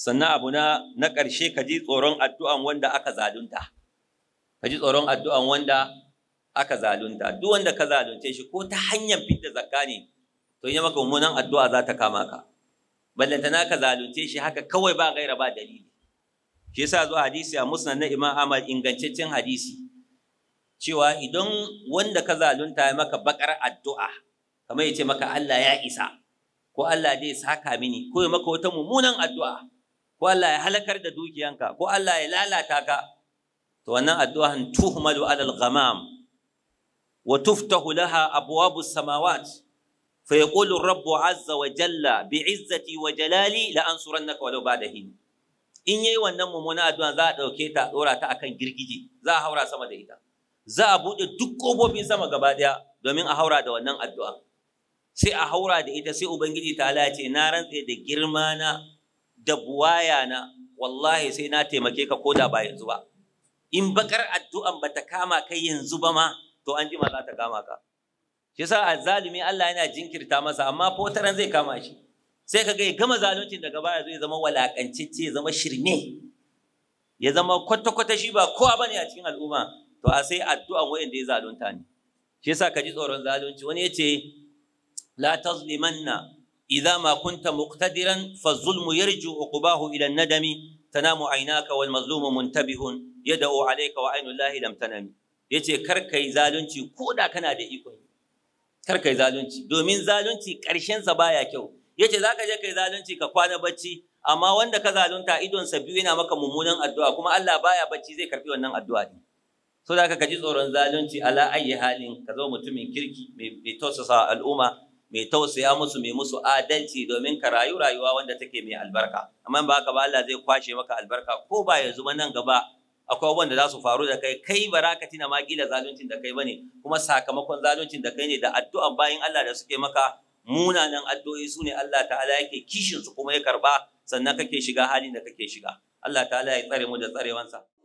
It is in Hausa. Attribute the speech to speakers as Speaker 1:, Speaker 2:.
Speaker 1: sannan abu na na ƙarshe ka ji tsoron addu'an wanda aka zalunta ka ji tsoron addu'an wanda aka zalunta duk wanda ka zalunce shi ko ta hanyar fita zakka ne to yi maka mummunan addu'a za ta kama ka na ka zalunce shi haka kawai ba gaira ba dalili shi yasa zuwa hadisi a musnad na imam ahmad ingantaccen hadisi cewa idan wanda ka zalunta ya maka bakar addu'a kamar ya ce maka Allah ya isa ko Allah zai saka mini ko ya maka wata mummunan addu'a ko Allah ya halakar da dukiyanka ko Allah ya lalata ka to wannan addu'an tuhmalu alal ghamam wa tuftahu laha abwabus samawat fa yaqulu rabbu azza wa jalla bi izzati wa jalali la ansurannaka walau ba'da hin in yayi wannan mummunan a'du'a za a dauke ta dora ta akan girgije za a haura sama da ita za a bude duk kofofin sama gaba daya domin a haura da wannan addu'a sai a haura da ita sai ubangiji ta ce na rantse da girma na da buwaya na wallahi sai na taimake ka koda ba yanzu ba in bakar addu'an ba ta kama kai yanzu ba ma to an jima za ta kama ka shi yasa azzalimi Allah yana jinkirta masa amma fotaran zai kama shi sai ka ga ya gama zaluncin daga baya zai zama walakancicce ya zama shirme ya zama kwata-kwata shi ba kowa bane a cikin al'umma to a sai addu'an wayanda ya zalunta ne shi yasa ka ji tsoron zalunci wani ya ce la tazlimanna idza ma kunta muqtadiran fa zulmu yarju uqbahu idan nadami tanamu aynaka wal mazlumu muntabihun yad'u alayka wa aynu llahi lam tanami yace kar kai zalunci ko da kana da iko kar kai zalunci domin zalunci karshen baya kyau yace zaka je kai zalunci ka kwana bacci amma wanda ka zalunta idonsa biyu yana maka mummunan addu'a kuma Allah baya bacci zai karbi wannan addu'a din so ka ji tsoron zalunci ala ayi halin ka zama mutumin kirki mai tausasa al'umma mai tausaya musu mai musu adalci domin ka rayu rayuwa wanda take mai albarka amma ba haka ba Allah zai kwashe maka albarka ko ba ya zuma nan gaba akwai wanda za su faru da kai kai baraka tina ma kila zaluncin da kai bane kuma sakamakon zaluncin da kai ne da addu'an bayan Allah da suke maka munanan addu'o'i su ne Allah ta'ala yake kishin su kuma ya karba sannan kake shiga halin da kake shiga Allah ta'ala ya tsare mu da tsarewansa